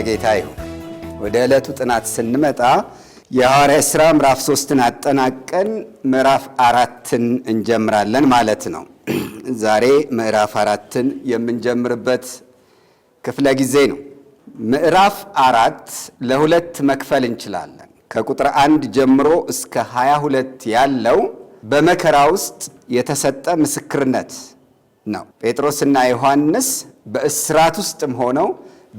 ለጌታ ይሁን። ወደ ዕለቱ ጥናት ስንመጣ የሐዋርያ ሥራ ምዕራፍ ሶስትን አጠናቀን ምዕራፍ አራትን እንጀምራለን ማለት ነው። ዛሬ ምዕራፍ አራትን የምንጀምርበት ክፍለ ጊዜ ነው። ምዕራፍ አራት ለሁለት መክፈል እንችላለን። ከቁጥር አንድ ጀምሮ እስከ ሃያ ሁለት ያለው በመከራ ውስጥ የተሰጠ ምስክርነት ነው። ጴጥሮስና ዮሐንስ በእስራት ውስጥም ሆነው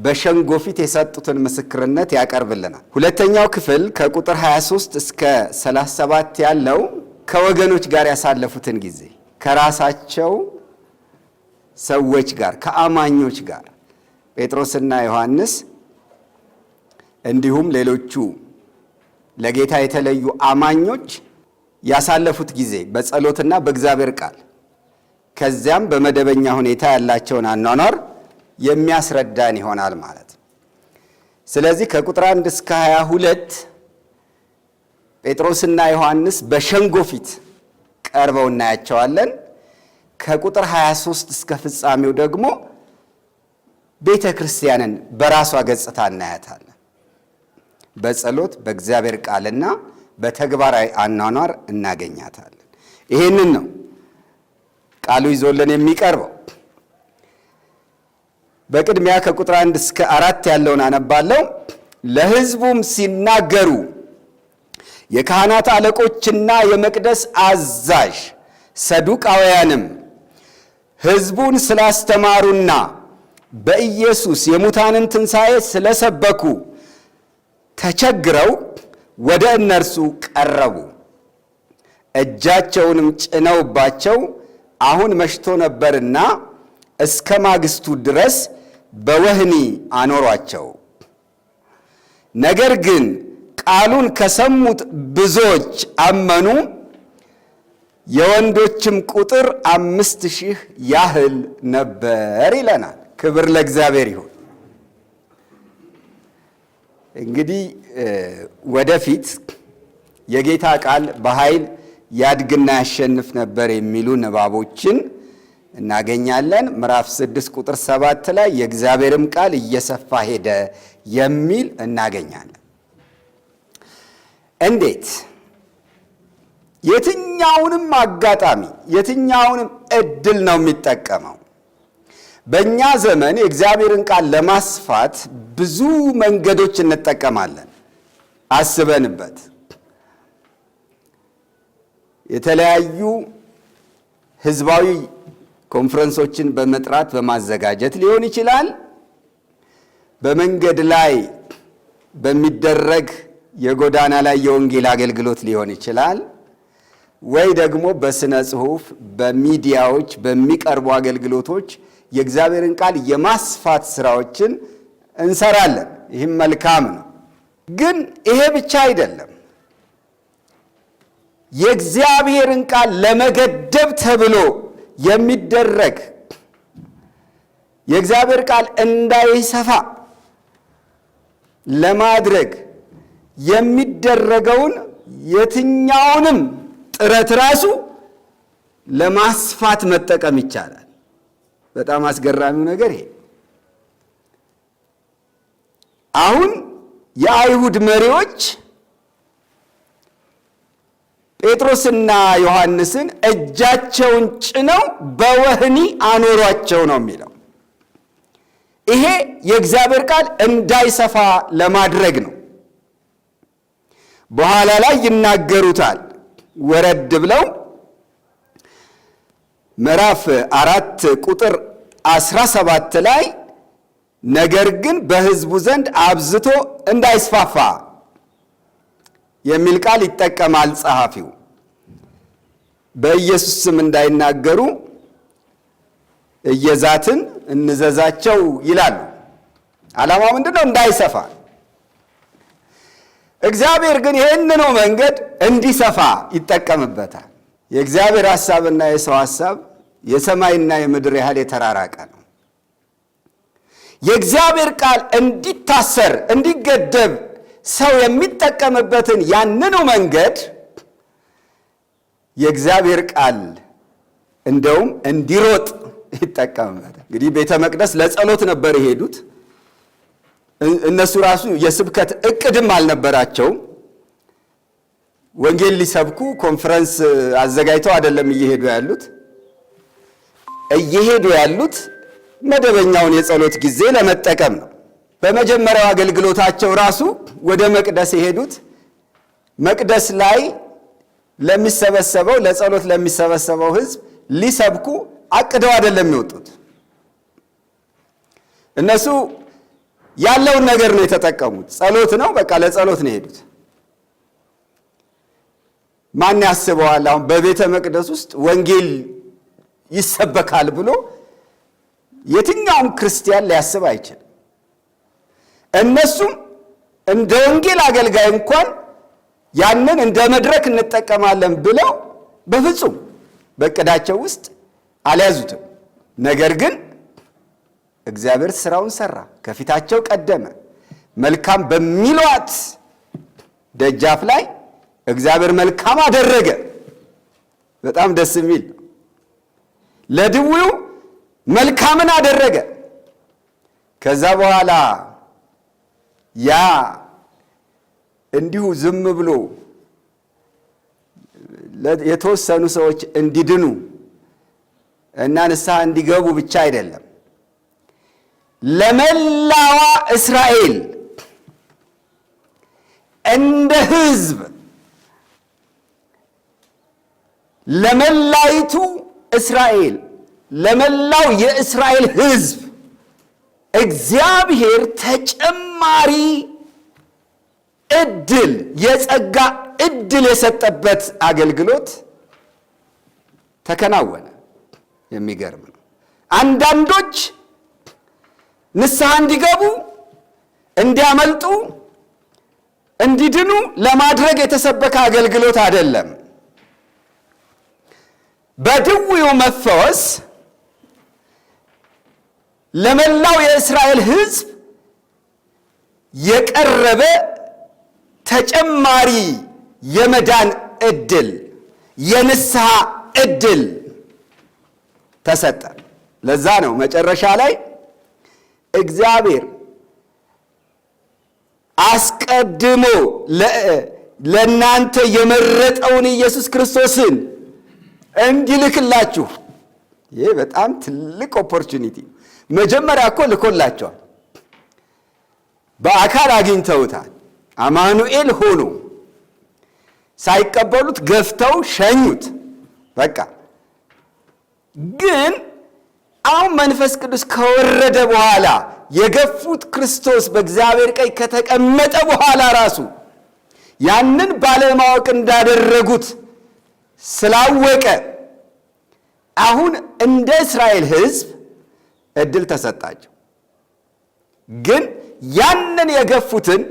በሸንጎ ፊት የሰጡትን ምስክርነት ያቀርብልናል። ሁለተኛው ክፍል ከቁጥር 23 እስከ 37 ያለው ከወገኖች ጋር ያሳለፉትን ጊዜ ከራሳቸው ሰዎች ጋር ከአማኞች ጋር ጴጥሮስና ዮሐንስ እንዲሁም ሌሎቹ ለጌታ የተለዩ አማኞች ያሳለፉት ጊዜ በጸሎትና በእግዚአብሔር ቃል ከዚያም በመደበኛ ሁኔታ ያላቸውን አኗኗር የሚያስረዳን ይሆናል ማለት ነው። ስለዚህ ከቁጥር አንድ እስከ 22 ጴጥሮስና ዮሐንስ በሸንጎ ፊት ቀርበው እናያቸዋለን። ከቁጥር 23 እስከ ፍጻሜው ደግሞ ቤተ ክርስቲያንን በራሷ ገጽታ እናያታለን። በጸሎት በእግዚአብሔር ቃልና በተግባራዊ አኗኗር እናገኛታለን። ይህንን ነው ቃሉ ይዞልን የሚቀርበው። በቅድሚያ ከቁጥር አንድ እስከ አራት ያለውን አነባለው ለሕዝቡም ሲናገሩ የካህናት አለቆችና የመቅደስ አዛዥ ሰዱቃውያንም ሕዝቡን ስላስተማሩና በኢየሱስ የሙታንን ትንሣኤ ስለሰበኩ ተቸግረው ወደ እነርሱ ቀረቡ። እጃቸውንም ጭነውባቸው አሁን መሽቶ ነበርና እስከ ማግስቱ ድረስ በወህኒ አኖሯቸው። ነገር ግን ቃሉን ከሰሙት ብዙዎች አመኑ። የወንዶችም ቁጥር አምስት ሺህ ያህል ነበር ይለናል። ክብር ለእግዚአብሔር ይሁን። እንግዲህ ወደፊት የጌታ ቃል በኃይል ያድግና ያሸንፍ ነበር የሚሉ ንባቦችን እናገኛለን። ምዕራፍ ስድስት ቁጥር ሰባት ላይ የእግዚአብሔርም ቃል እየሰፋ ሄደ የሚል እናገኛለን። እንዴት የትኛውንም አጋጣሚ የትኛውንም እድል ነው የሚጠቀመው። በእኛ ዘመን የእግዚአብሔርን ቃል ለማስፋት ብዙ መንገዶች እንጠቀማለን። አስበንበት የተለያዩ ህዝባዊ ኮንፈረንሶችን በመጥራት በማዘጋጀት ሊሆን ይችላል። በመንገድ ላይ በሚደረግ የጎዳና ላይ የወንጌል አገልግሎት ሊሆን ይችላል። ወይ ደግሞ በስነ ጽሁፍ፣ በሚዲያዎች በሚቀርቡ አገልግሎቶች የእግዚአብሔርን ቃል የማስፋት ስራዎችን እንሰራለን። ይህም መልካም ነው። ግን ይሄ ብቻ አይደለም። የእግዚአብሔርን ቃል ለመገደብ ተብሎ የሚደረግ የእግዚአብሔር ቃል እንዳይሰፋ ለማድረግ የሚደረገውን የትኛውንም ጥረት ራሱ ለማስፋት መጠቀም ይቻላል። በጣም አስገራሚው ነገር ይሄ አሁን የአይሁድ መሪዎች ጴጥሮስና ዮሐንስን እጃቸውን ጭነው በወህኒ አኖሯቸው ነው የሚለው። ይሄ የእግዚአብሔር ቃል እንዳይሰፋ ለማድረግ ነው። በኋላ ላይ ይናገሩታል። ወረድ ብለው ምዕራፍ አራት ቁጥር አስራ ሰባት ላይ ነገር ግን በሕዝቡ ዘንድ አብዝቶ እንዳይስፋፋ የሚል ቃል ይጠቀማል ጸሐፊው። በኢየሱስ ስም እንዳይናገሩ እየዛትን እንዘዛቸው ይላሉ። ዓላማው ምንድን ነው? እንዳይሰፋ። እግዚአብሔር ግን ይህንኑ መንገድ እንዲሰፋ ይጠቀምበታል። የእግዚአብሔር ሐሳብና የሰው ሐሳብ የሰማይና የምድር ያህል የተራራቀ ነው። የእግዚአብሔር ቃል እንዲታሰር እንዲገደብ ሰው የሚጠቀምበትን ያንኑ መንገድ የእግዚአብሔር ቃል እንደውም እንዲሮጥ ይጠቀምበታል። እንግዲህ ቤተ መቅደስ ለጸሎት ነበር የሄዱት። እነሱ ራሱ የስብከት እቅድም አልነበራቸውም። ወንጌል ሊሰብኩ ኮንፈረንስ አዘጋጅተው አይደለም እየሄዱ ያሉት። እየሄዱ ያሉት መደበኛውን የጸሎት ጊዜ ለመጠቀም ነው። በመጀመሪያው አገልግሎታቸው ራሱ ወደ መቅደስ የሄዱት መቅደስ ላይ ለሚሰበሰበው ለጸሎት ለሚሰበሰበው ህዝብ ሊሰብኩ አቅደው አይደለም የወጡት። እነሱ ያለውን ነገር ነው የተጠቀሙት። ጸሎት ነው፣ በቃ ለጸሎት ነው የሄዱት። ማን ያስበዋል አሁን በቤተ መቅደስ ውስጥ ወንጌል ይሰበካል ብሎ የትኛውም ክርስቲያን ሊያስብ አይችል እነሱም እንደ ወንጌል አገልጋይ እንኳን ያንን እንደ መድረክ እንጠቀማለን ብለው በፍጹም በእቅዳቸው ውስጥ አልያዙትም። ነገር ግን እግዚአብሔር ስራውን ሰራ፣ ከፊታቸው ቀደመ። መልካም በሚሏት ደጃፍ ላይ እግዚአብሔር መልካም አደረገ። በጣም ደስ የሚል ለድዊው መልካምን አደረገ። ከዛ በኋላ ያ እንዲሁ ዝም ብሎ የተወሰኑ ሰዎች እንዲድኑ እና ንስሐ እንዲገቡ ብቻ አይደለም፣ ለመላዋ እስራኤል እንደ ሕዝብ ለመላይቱ እስራኤል ለመላው የእስራኤል ሕዝብ እግዚአብሔር ተጨማሪ እድል የጸጋ እድል የሰጠበት አገልግሎት ተከናወነ። የሚገርም ነው። አንዳንዶች ንስሐ እንዲገቡ፣ እንዲያመልጡ፣ እንዲድኑ ለማድረግ የተሰበከ አገልግሎት አይደለም። በድውዩ መፈወስ ለመላው የእስራኤል ሕዝብ የቀረበ ተጨማሪ የመዳን እድል የንስሐ እድል ተሰጠ። ለዛ ነው መጨረሻ ላይ እግዚአብሔር አስቀድሞ ለእናንተ የመረጠውን ኢየሱስ ክርስቶስን እንዲልክላችሁ ይህ በጣም ትልቅ ኦፖርቹኒቲ መጀመሪያ እኮ ልኮላቸዋል። በአካል አግኝተውታል። አማኑኤል ሆኖ ሳይቀበሉት ገፍተው ሸኙት። በቃ ግን አሁን መንፈስ ቅዱስ ከወረደ በኋላ የገፉት ክርስቶስ በእግዚአብሔር ቀኝ ከተቀመጠ በኋላ ራሱ ያንን ባለማወቅ እንዳደረጉት ስላወቀ አሁን እንደ እስራኤል ሕዝብ እድል ተሰጣቸው። ግን ያንን የገፉትን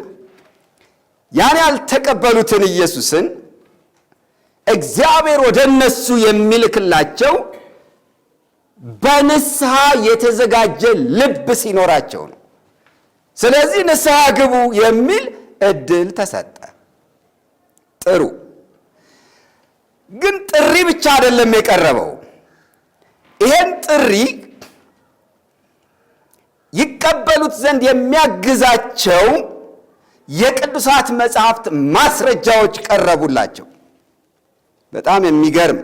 ያን ያልተቀበሉትን ኢየሱስን እግዚአብሔር ወደ እነሱ የሚልክላቸው በንስሐ የተዘጋጀ ልብ ሲኖራቸው ነው። ስለዚህ ንስሐ ግቡ የሚል እድል ተሰጠ። ጥሩ። ግን ጥሪ ብቻ አይደለም የቀረበው። ይሄን ጥሪ ይቀበሉት ዘንድ የሚያግዛቸው የቅዱሳት መጽሐፍት ማስረጃዎች ቀረቡላቸው። በጣም የሚገርም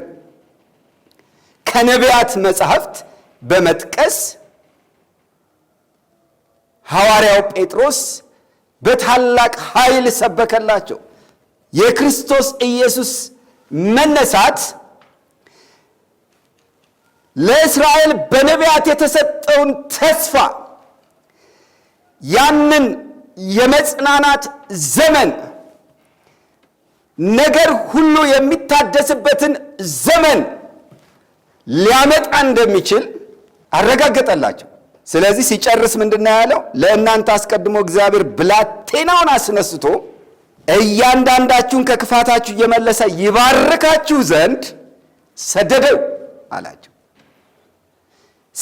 ከነቢያት መጽሐፍት በመጥቀስ ሐዋርያው ጴጥሮስ በታላቅ ኃይል ሰበከላቸው። የክርስቶስ ኢየሱስ መነሳት ለእስራኤል በነቢያት የተሰጠውን ተስፋ ያንን የመጽናናት ዘመን ነገር ሁሉ የሚታደስበትን ዘመን ሊያመጣ እንደሚችል አረጋገጠላቸው። ስለዚህ ሲጨርስ ምንድን ያለው? ለእናንተ አስቀድሞ እግዚአብሔር ብላቴናውን አስነስቶ እያንዳንዳችሁን ከክፋታችሁ እየመለሰ ይባርካችሁ ዘንድ ሰደደው አላቸው።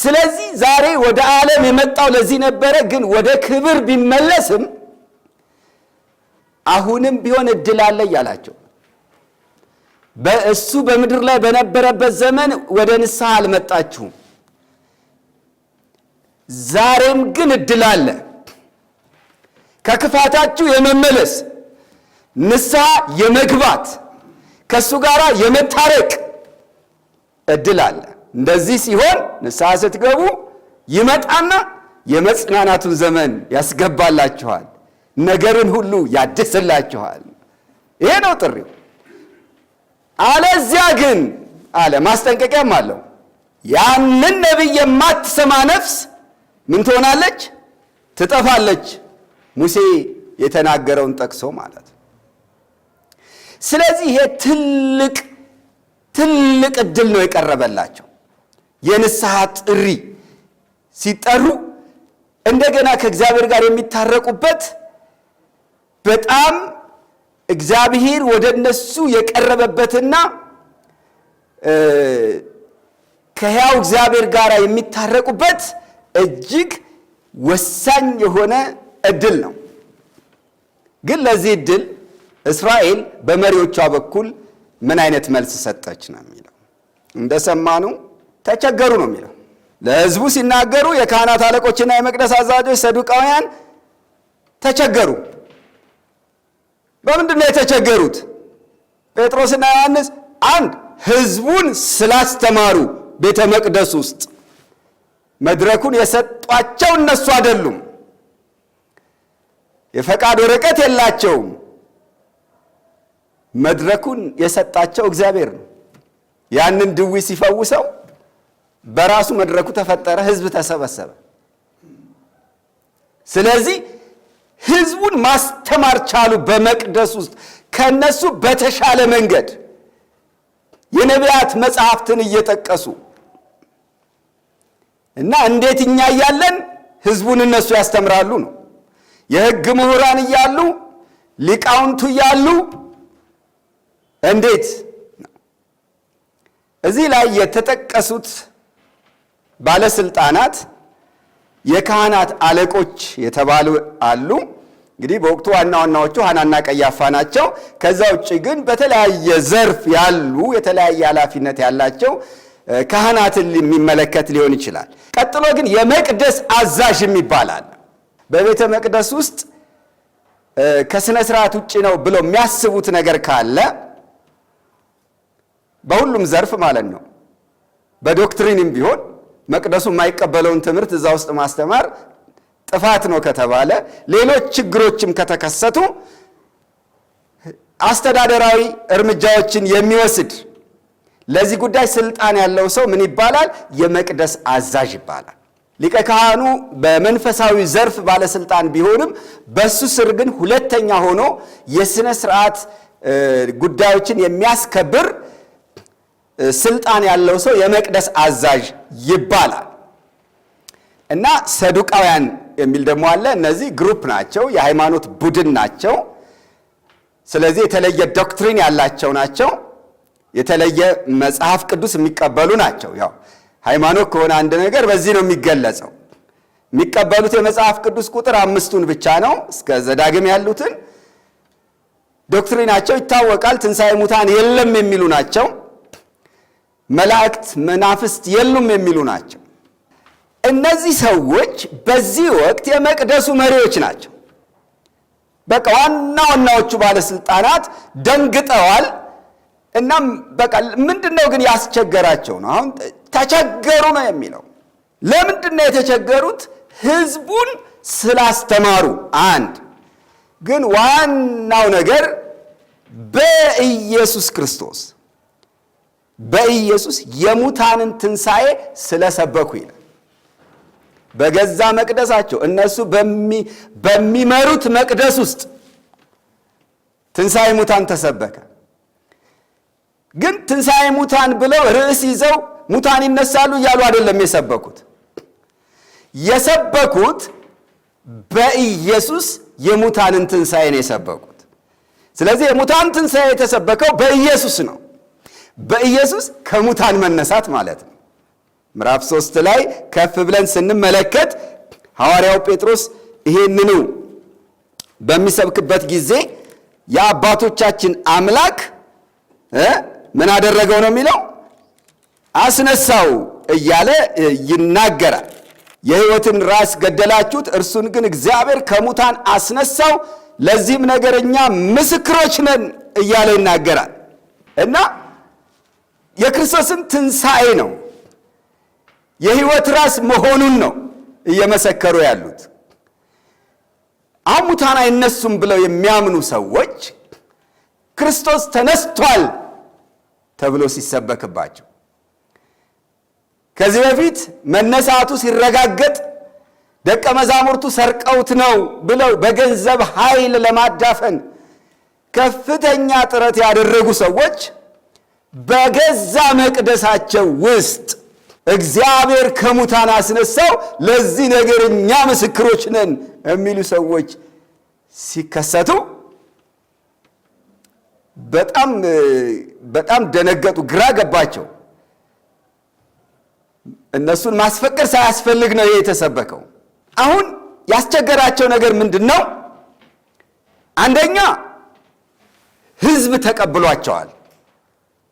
ስለዚህ ዛሬ ወደ ዓለም የመጣው ለዚህ ነበረ። ግን ወደ ክብር ቢመለስም አሁንም ቢሆን እድል አለ እያላቸው በእሱ በምድር ላይ በነበረበት ዘመን ወደ ንስሐ አልመጣችሁም። ዛሬም ግን እድል አለ ከክፋታችሁ የመመለስ ንስሐ የመግባት ከእሱ ጋር የመታረቅ እድል አለ። እንደዚህ ሲሆን ንስሐ ስትገቡ ይመጣና የመጽናናቱን ዘመን ያስገባላችኋል፣ ነገርን ሁሉ ያድስላችኋል። ይሄ ነው ጥሪው። አለዚያ ግን አለ፣ ማስጠንቀቂያም አለው። ያንን ነቢይ የማትሰማ ነፍስ ምን ትሆናለች? ትጠፋለች። ሙሴ የተናገረውን ጠቅሶ ማለት ነው። ስለዚህ ይሄ ትልቅ ትልቅ እድል ነው የቀረበላቸው። የንስሐ ጥሪ ሲጠሩ እንደገና ከእግዚአብሔር ጋር የሚታረቁበት በጣም እግዚአብሔር ወደ እነሱ የቀረበበትና ከሕያው እግዚአብሔር ጋር የሚታረቁበት እጅግ ወሳኝ የሆነ እድል ነው። ግን ለዚህ እድል እስራኤል በመሪዎቿ በኩል ምን አይነት መልስ ሰጠች ነው የሚለው እንደሰማነው ተቸገሩ ነው የሚለው። ለህዝቡ ሲናገሩ የካህናት አለቆችና የመቅደስ አዛዦች ሰዱቃውያን ተቸገሩ። በምንድን ነው የተቸገሩት? ጴጥሮስና ዮሐንስ አንድ ህዝቡን ስላስተማሩ ቤተ መቅደስ ውስጥ መድረኩን የሰጧቸው እነሱ አይደሉም። የፈቃድ ወረቀት የላቸውም። መድረኩን የሰጣቸው እግዚአብሔር ነው። ያንን ድዊ ሲፈውሰው በራሱ መድረኩ ተፈጠረ፣ ህዝብ ተሰበሰበ። ስለዚህ ህዝቡን ማስተማር ቻሉ። በመቅደስ ውስጥ ከነሱ በተሻለ መንገድ የነቢያት መጽሐፍትን እየጠቀሱ እና እንዴት እኛ እያለን ህዝቡን እነሱ ያስተምራሉ ነው። የህግ ምሁራን እያሉ ሊቃውንቱ እያሉ እንዴት እዚህ ላይ የተጠቀሱት ባለስልጣናት፣ የካህናት አለቆች የተባሉ አሉ። እንግዲህ በወቅቱ ዋና ዋናዎቹ ሐናና ቀያፋ ናቸው። ከዛ ውጭ ግን በተለያየ ዘርፍ ያሉ የተለያየ ኃላፊነት ያላቸው ካህናትን የሚመለከት ሊሆን ይችላል። ቀጥሎ ግን የመቅደስ አዛዥ ይባላል። በቤተ መቅደስ ውስጥ ከሥነ ሥርዓት ውጭ ነው ብለው የሚያስቡት ነገር ካለ በሁሉም ዘርፍ ማለት ነው፣ በዶክትሪንም ቢሆን መቅደሱ የማይቀበለውን ትምህርት እዛ ውስጥ ማስተማር ጥፋት ነው ከተባለ፣ ሌሎች ችግሮችም ከተከሰቱ አስተዳደራዊ እርምጃዎችን የሚወስድ ለዚህ ጉዳይ ስልጣን ያለው ሰው ምን ይባላል? የመቅደስ አዛዥ ይባላል። ሊቀ ካህኑ በመንፈሳዊ ዘርፍ ባለስልጣን ቢሆንም በሱ ስር ግን ሁለተኛ ሆኖ የሥነ ሥርዓት ጉዳዮችን የሚያስከብር ስልጣን ያለው ሰው የመቅደስ አዛዥ ይባላል። እና ሰዱቃውያን የሚል ደግሞ አለ። እነዚህ ግሩፕ ናቸው፣ የሃይማኖት ቡድን ናቸው። ስለዚህ የተለየ ዶክትሪን ያላቸው ናቸው። የተለየ መጽሐፍ ቅዱስ የሚቀበሉ ናቸው። ያው ሃይማኖት ከሆነ አንድ ነገር በዚህ ነው የሚገለጸው። የሚቀበሉት የመጽሐፍ ቅዱስ ቁጥር አምስቱን ብቻ ነው፣ እስከ ዘዳግም ያሉትን ዶክትሪናቸው ይታወቃል። ትንሣኤ ሙታን የለም የሚሉ ናቸው። መላእክት፣ መናፍስት የሉም የሚሉ ናቸው። እነዚህ ሰዎች በዚህ ወቅት የመቅደሱ መሪዎች ናቸው። በቃ ዋና ዋናዎቹ ባለስልጣናት ደንግጠዋል። እናም በቃ ምንድን ነው ግን ያስቸገራቸው ነው። አሁን ተቸገሩ ነው የሚለው። ለምንድን ነው የተቸገሩት? ህዝቡን ስላስተማሩ። አንድ ግን ዋናው ነገር በኢየሱስ ክርስቶስ በኢየሱስ የሙታንን ትንሣኤ ስለሰበኩ ይላል። በገዛ መቅደሳቸው እነሱ በሚመሩት መቅደስ ውስጥ ትንሣኤ ሙታን ተሰበከ። ግን ትንሣኤ ሙታን ብለው ርዕስ ይዘው ሙታን ይነሳሉ እያሉ አይደለም የሰበኩት። የሰበኩት በኢየሱስ የሙታንን ትንሣኤ ነው የሰበኩት። ስለዚህ የሙታን ትንሣኤ የተሰበከው በኢየሱስ ነው። በኢየሱስ ከሙታን መነሳት ማለት ነው። ምዕራፍ ሶስት ላይ ከፍ ብለን ስንመለከት ሐዋርያው ጴጥሮስ ይሄንኑ በሚሰብክበት ጊዜ የአባቶቻችን አምላክ ምን አደረገው ነው የሚለው አስነሳው እያለ ይናገራል። የሕይወትን ራስ ገደላችሁት፣ እርሱን ግን እግዚአብሔር ከሙታን አስነሳው፣ ለዚህም ነገር እኛ ምስክሮች ነን እያለ ይናገራል እና የክርስቶስን ትንሣኤ ነው የሕይወት ራስ መሆኑን ነው እየመሰከሩ ያሉት። አሙታን አይነሱም ብለው የሚያምኑ ሰዎች ክርስቶስ ተነስቷል ተብሎ ሲሰበክባቸው ከዚህ በፊት መነሳቱ ሲረጋገጥ ደቀ መዛሙርቱ ሰርቀውት ነው ብለው በገንዘብ ኃይል ለማዳፈን ከፍተኛ ጥረት ያደረጉ ሰዎች በገዛ መቅደሳቸው ውስጥ እግዚአብሔር ከሙታን አስነሳው፣ ለዚህ ነገር እኛ ምስክሮች ነን የሚሉ ሰዎች ሲከሰቱ በጣም በጣም ደነገጡ፣ ግራ ገባቸው። እነሱን ማስፈቀድ ሳያስፈልግ ነው ይሄ የተሰበከው። አሁን ያስቸገራቸው ነገር ምንድን ነው? አንደኛ ህዝብ ተቀብሏቸዋል።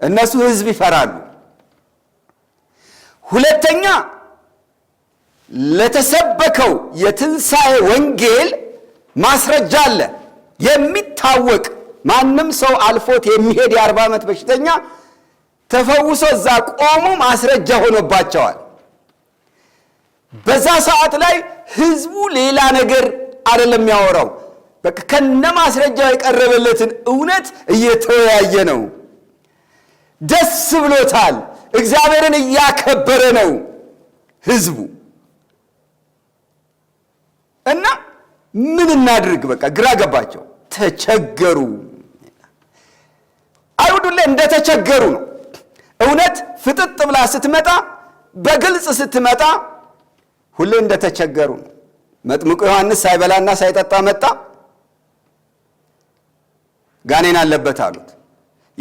እነሱ ህዝብ ይፈራሉ። ሁለተኛ ለተሰበከው የትንሣኤ ወንጌል ማስረጃ አለ። የሚታወቅ ማንም ሰው አልፎት የሚሄድ የአርባ ዓመት በሽተኛ ተፈውሶ እዛ ቆሙ ማስረጃ ሆኖባቸዋል። በዛ ሰዓት ላይ ህዝቡ ሌላ ነገር አይደለም የሚያወራው፣ በቃ ከነ ማስረጃው የቀረበለትን እውነት እየተወያየ ነው። ደስ ብሎታል። እግዚአብሔርን እያከበረ ነው ህዝቡ። እና ምን እናድርግ በቃ ግራ ገባቸው፣ ተቸገሩ። አይሁድ ሁሌ እንደተቸገሩ ነው። እውነት ፍጥጥ ብላ ስትመጣ፣ በግልጽ ስትመጣ ሁሌ እንደተቸገሩ ነው። መጥምቁ ዮሐንስ ሳይበላና ሳይጠጣ መጣ፣ ጋኔን አለበት አሉት።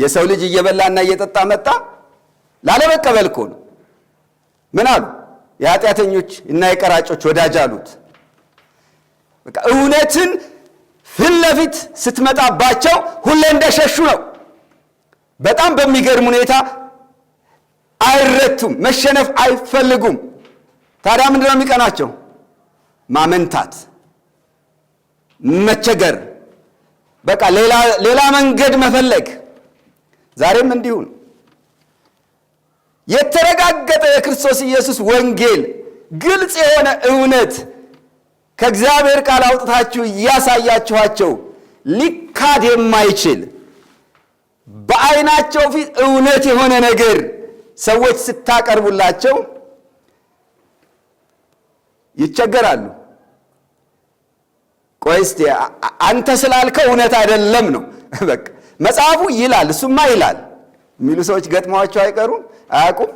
የሰው ልጅ እየበላና እየጠጣ መጣ። ላለመቀበል እኮ ነው። ምን አሉ? የኃጢአተኞች እና የቀራጮች ወዳጅ አሉት። በቃ እውነትን ፊት ለፊት ስትመጣባቸው ሁሌ እንደሸሹ ነው። በጣም በሚገርም ሁኔታ አይረቱም፣ መሸነፍ አይፈልጉም። ታዲያ ምንድን ነው የሚቀናቸው? ማመንታት፣ መቸገር፣ በቃ ሌላ መንገድ መፈለግ ዛሬም እንዲሁን የተረጋገጠ የክርስቶስ ኢየሱስ ወንጌል ግልጽ የሆነ እውነት ከእግዚአብሔር ቃል አውጥታችሁ እያሳያችኋቸው ሊካድ የማይችል በዓይናቸው ፊት እውነት የሆነ ነገር ሰዎች ስታቀርቡላቸው ይቸገራሉ። ቆይ እስቲ አንተ ስላልከው እውነት አይደለም ነው በቃ መጽሐፉ ይላል እሱማ ይላል የሚሉ ሰዎች ገጥመዋቸው አይቀሩም አያውቁም።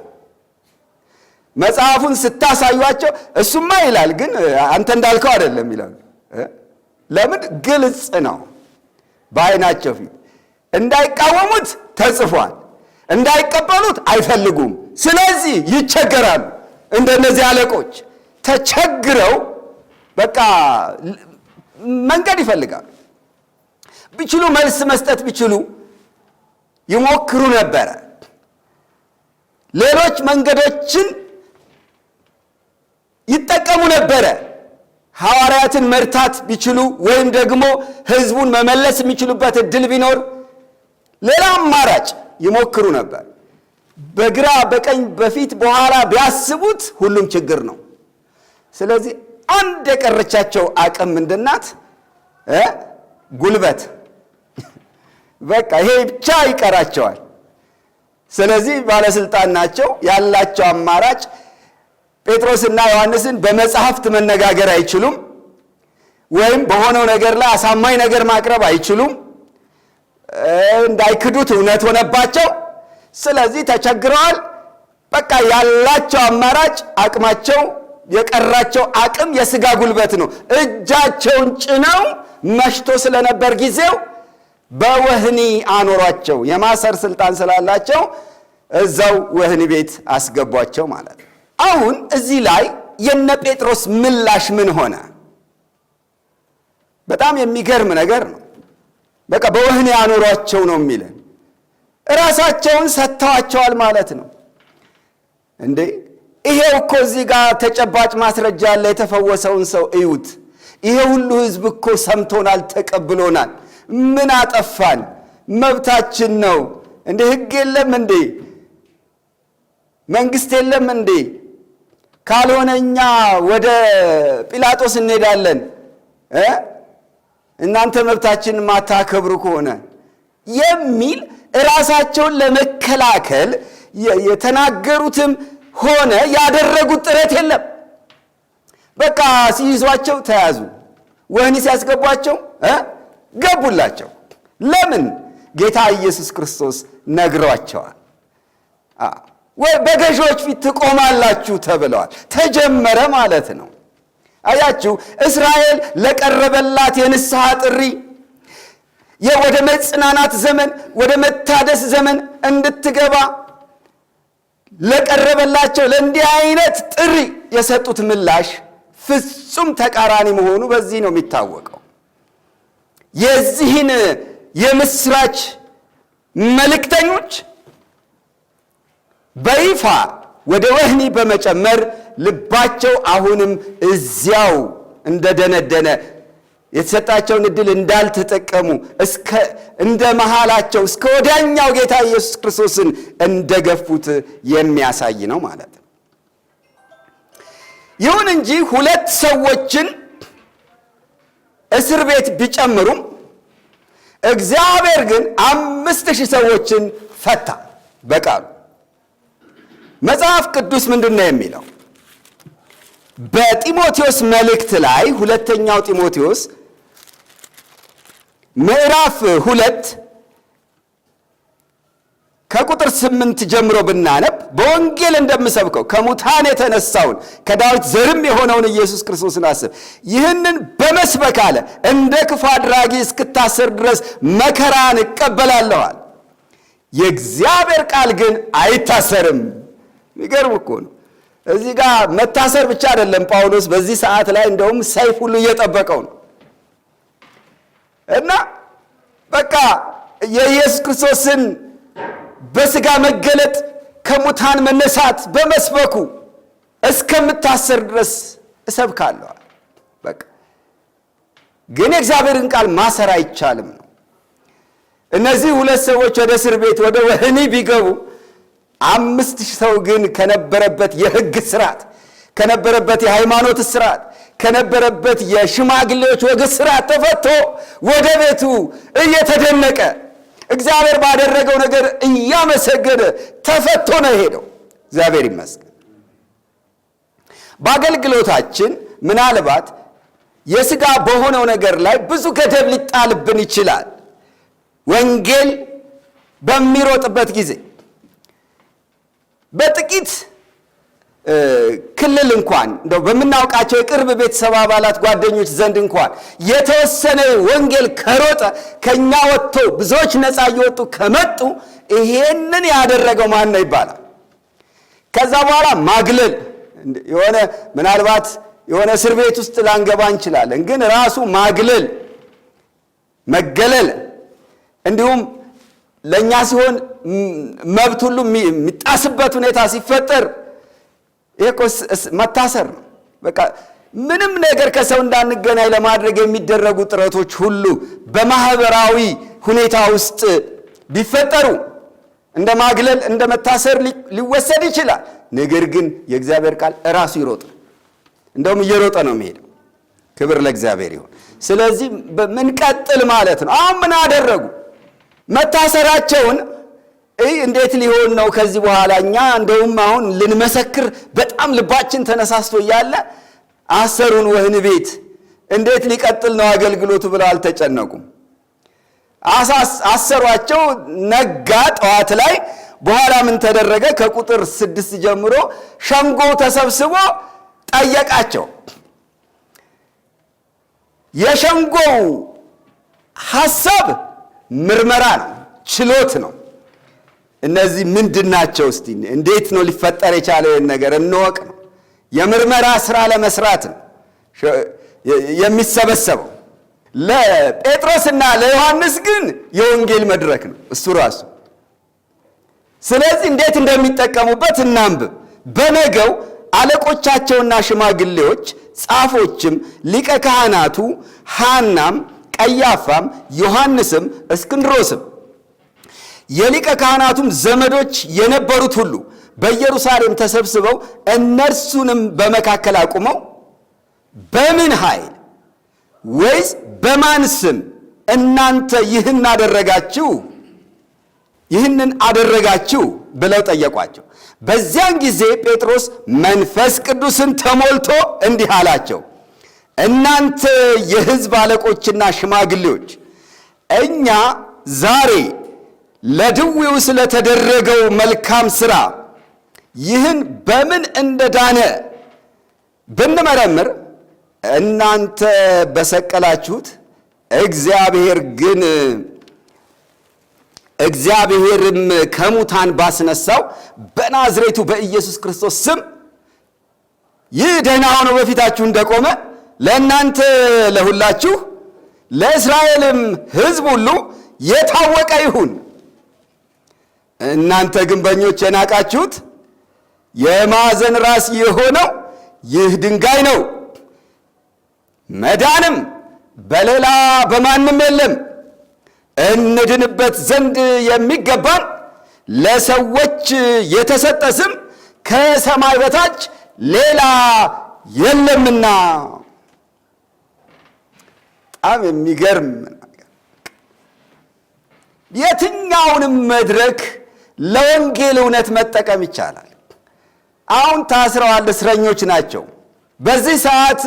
መጽሐፉን ስታሳዩቸው እሱማ ይላል ግን አንተ እንዳልከው አይደለም ይላሉ። ለምን? ግልጽ ነው በአይናቸው ፊት። እንዳይቃወሙት ተጽፏል፣ እንዳይቀበሉት አይፈልጉም። ስለዚህ ይቸገራሉ። እንደነዚህ አለቆች ተቸግረው በቃ መንገድ ይፈልጋሉ። ቢችሉ መልስ መስጠት ቢችሉ ይሞክሩ ነበረ። ሌሎች መንገዶችን ይጠቀሙ ነበረ። ሐዋርያትን መርታት ቢችሉ ወይም ደግሞ ህዝቡን መመለስ የሚችሉበት እድል ቢኖር ሌላ አማራጭ ይሞክሩ ነበር። በግራ በቀኝ በፊት በኋላ ቢያስቡት ሁሉም ችግር ነው። ስለዚህ አንድ የቀረቻቸው አቅም ምንድናት ጉልበት በቃ ይሄ ብቻ ይቀራቸዋል። ስለዚህ ባለስልጣን ናቸው። ያላቸው አማራጭ ጴጥሮስና ዮሐንስን በመጽሐፍት መነጋገር አይችሉም፣ ወይም በሆነው ነገር ላይ አሳማኝ ነገር ማቅረብ አይችሉም። እንዳይክዱት እውነት ሆነባቸው። ስለዚህ ተቸግረዋል። በቃ ያላቸው አማራጭ አቅማቸው የቀራቸው አቅም የስጋ ጉልበት ነው። እጃቸውን ጭነው መሽቶ ስለነበር ጊዜው በወህኒ አኖሯቸው። የማሰር ስልጣን ስላላቸው እዛው ወህኒ ቤት አስገቧቸው ማለት ነው። አሁን እዚህ ላይ የነ ጴጥሮስ ምላሽ ምን ሆነ? በጣም የሚገርም ነገር ነው። በቃ በወህኒ አኖሯቸው ነው የሚለን። እራሳቸውን ሰጥተዋቸዋል ማለት ነው እንዴ! ይሄው እኮ እዚህ ጋር ተጨባጭ ማስረጃ አለ። የተፈወሰውን ሰው እዩት። ይሄ ሁሉ ህዝብ እኮ ሰምቶናል፣ ተቀብሎናል ምን አጠፋን? መብታችን ነው። እንደ ህግ የለም እንዴ? መንግስት የለም እንዴ? ካልሆነ እኛ ወደ ጲላጦስ እንሄዳለን። እናንተ መብታችን ማታከብሩ ከሆነ የሚል እራሳቸውን ለመከላከል የተናገሩትም ሆነ ያደረጉት ጥረት የለም። በቃ ሲይዟቸው ተያዙ፣ ወህኒ ሲያስገቧቸው ገቡላቸው። ለምን? ጌታ ኢየሱስ ክርስቶስ ነግሯቸዋል። በገዢዎች ፊት ትቆማላችሁ ተብለዋል። ተጀመረ ማለት ነው። አያችሁ፣ እስራኤል ለቀረበላት የንስሐ ጥሪ ወደ መጽናናት ዘመን ወደ መታደስ ዘመን እንድትገባ ለቀረበላቸው ለእንዲህ አይነት ጥሪ የሰጡት ምላሽ ፍጹም ተቃራኒ መሆኑ በዚህ ነው የሚታወቀው። የዚህን የምስራች መልእክተኞች በይፋ ወደ ወህኒ በመጨመር ልባቸው አሁንም እዚያው እንደደነደነ የተሰጣቸውን እድል እንዳልተጠቀሙ እንደ መሃላቸው እስከ ወዲያኛው ጌታ ኢየሱስ ክርስቶስን እንደገፉት የሚያሳይ ነው ማለት ነው። ይሁን እንጂ ሁለት ሰዎችን እስር ቤት ቢጨምሩም እግዚአብሔር ግን አምስት ሺህ ሰዎችን ፈታ በቃሉ። መጽሐፍ ቅዱስ ምንድን ነው የሚለው? በጢሞቴዎስ መልእክት ላይ ሁለተኛው ጢሞቴዎስ ምዕራፍ ሁለት ከቁጥር ስምንት ጀምሮ ብናነብ በወንጌል እንደምሰብከው ከሙታን የተነሳውን ከዳዊት ዘርም የሆነውን ኢየሱስ ክርስቶስን አስብ። ይህንን በመስበክ አለ እንደ ክፉ አድራጊ እስክታሰር ድረስ መከራን እቀበላለኋል። የእግዚአብሔር ቃል ግን አይታሰርም። የሚገርም እኮ ነው። እዚህ ጋር መታሰር ብቻ አይደለም። ጳውሎስ በዚህ ሰዓት ላይ እንደውም ሰይፍ ሁሉ እየጠበቀው ነው እና በቃ የኢየሱስ ክርስቶስን በስጋ መገለጥ ከሙታን መነሳት በመስበኩ እስከምታሰር ድረስ እሰብካለዋል። በቃ ግን የእግዚአብሔርን ቃል ማሰር አይቻልም ነው። እነዚህ ሁለት ሰዎች ወደ እስር ቤት ወደ ወህኒ ቢገቡ አምስት ሺህ ሰው ግን ከነበረበት የህግ ስርዓት ከነበረበት የሃይማኖት ስርዓት ከነበረበት የሽማግሌዎች ወግ ስርዓት ተፈቶ ወደ ቤቱ እየተደነቀ እግዚአብሔር ባደረገው ነገር እያመሰገነ ተፈቶ ነው የሄደው። እግዚአብሔር ይመስገን። በአገልግሎታችን ምናልባት የስጋ በሆነው ነገር ላይ ብዙ ገደብ ሊጣልብን ይችላል። ወንጌል በሚሮጥበት ጊዜ በጥቂት ክልል እንኳን እንደው በምናውቃቸው የቅርብ ቤተሰብ አባላት ጓደኞች ዘንድ እንኳን የተወሰነ ወንጌል ከሮጠ ከኛ ወጥቶ ብዙዎች ነፃ እየወጡ ከመጡ ይሄንን ያደረገው ማን ነው ይባላል። ከዛ በኋላ ማግለል የሆነ ምናልባት የሆነ እስር ቤት ውስጥ ላንገባ እንችላለን፣ ግን ራሱ ማግለል፣ መገለል እንዲሁም ለእኛ ሲሆን መብት ሁሉ የሚጣስበት ሁኔታ ሲፈጠር ይሄ እኮ መታሰር ነው። በቃ ምንም ነገር ከሰው እንዳንገናኝ ለማድረግ የሚደረጉ ጥረቶች ሁሉ በማህበራዊ ሁኔታ ውስጥ ቢፈጠሩ እንደ ማግለል እንደ መታሰር ሊወሰድ ይችላል። ነገር ግን የእግዚአብሔር ቃል እራሱ ይሮጥ፣ እንደውም እየሮጠ ነው የሚሄደው። ክብር ለእግዚአብሔር ይሁን። ስለዚህ ምንቀጥል ማለት ነው። አሁን ምን አደረጉ? መታሰራቸውን እንዴት ሊሆን ነው ከዚህ በኋላ? እኛ እንደውም አሁን ልንመሰክር በጣም ልባችን ተነሳስቶ እያለ አሰሩን ወህኒ ቤት እንዴት ሊቀጥል ነው አገልግሎቱ ብለው አልተጨነቁም። አሰሯቸው። ነጋ ጠዋት ላይ በኋላ ምን ተደረገ? ከቁጥር ስድስት ጀምሮ ሸንጎ ተሰብስቦ ጠየቃቸው። የሸንጎው ሀሳብ ምርመራ ነው፣ ችሎት ነው። እነዚህ ምንድን ናቸው? እስቲ እንዴት ነው ሊፈጠር ይህን ነገር እንወቅ ነው። የምርመራ ስራ ለመስራት ነው የሚሰበሰበው። ለጴጥሮስና ለዮሐንስ ግን የወንጌል መድረክ ነው እሱ ራሱ። ስለዚህ እንዴት እንደሚጠቀሙበት እናንብብ። በነገው አለቆቻቸውና ሽማግሌዎች ጻፎችም፣ ሊቀ ካህናቱ ሐናም፣ ቀያፋም፣ ዮሐንስም እስክንድሮስም የሊቀ ካህናቱም ዘመዶች የነበሩት ሁሉ በኢየሩሳሌም ተሰብስበው እነርሱንም በመካከል አቁመው በምን ኃይል ወይስ በማን ስም እናንተ ይህን አደረጋችሁ ይህንን አደረጋችሁ ብለው ጠየቋቸው። በዚያን ጊዜ ጴጥሮስ መንፈስ ቅዱስን ተሞልቶ እንዲህ አላቸው፣ እናንተ የሕዝብ አለቆችና ሽማግሌዎች፣ እኛ ዛሬ ለድዌው ስለተደረገው መልካም ሥራ ይህን በምን እንደዳነ ብንመረምር እናንተ በሰቀላችሁት እግዚአብሔር ግን እግዚአብሔርም ከሙታን ባስነሳው በናዝሬቱ በኢየሱስ ክርስቶስ ስም ይህ ደህና ሆኖ በፊታችሁ እንደቆመ ለእናንተ ለሁላችሁ ለእስራኤልም ሕዝብ ሁሉ የታወቀ ይሁን። እናንተ ግንበኞች የናቃችሁት የማዕዘን ራስ የሆነው ይህ ድንጋይ ነው። መዳንም በሌላ በማንም የለም። እንድንበት ዘንድ የሚገባን ለሰዎች የተሰጠ ስም ከሰማይ በታች ሌላ የለምና። በጣም የሚገርም የትኛውንም መድረክ ለወንጌል እውነት መጠቀም ይቻላል። አሁን ታስረዋል፣ እስረኞች ናቸው። በዚህ ሰዓት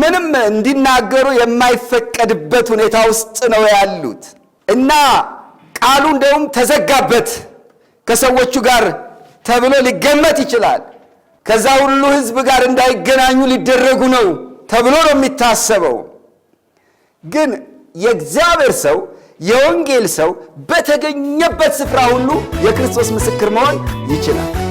ምንም እንዲናገሩ የማይፈቀድበት ሁኔታ ውስጥ ነው ያሉት እና ቃሉ እንደውም ተዘጋበት ከሰዎቹ ጋር ተብሎ ሊገመት ይችላል። ከዛ ሁሉ ሕዝብ ጋር እንዳይገናኙ ሊደረጉ ነው ተብሎ ነው የሚታሰበው። ግን የእግዚአብሔር ሰው የወንጌል ሰው በተገኘበት ስፍራ ሁሉ የክርስቶስ ምስክር መሆን ይችላል።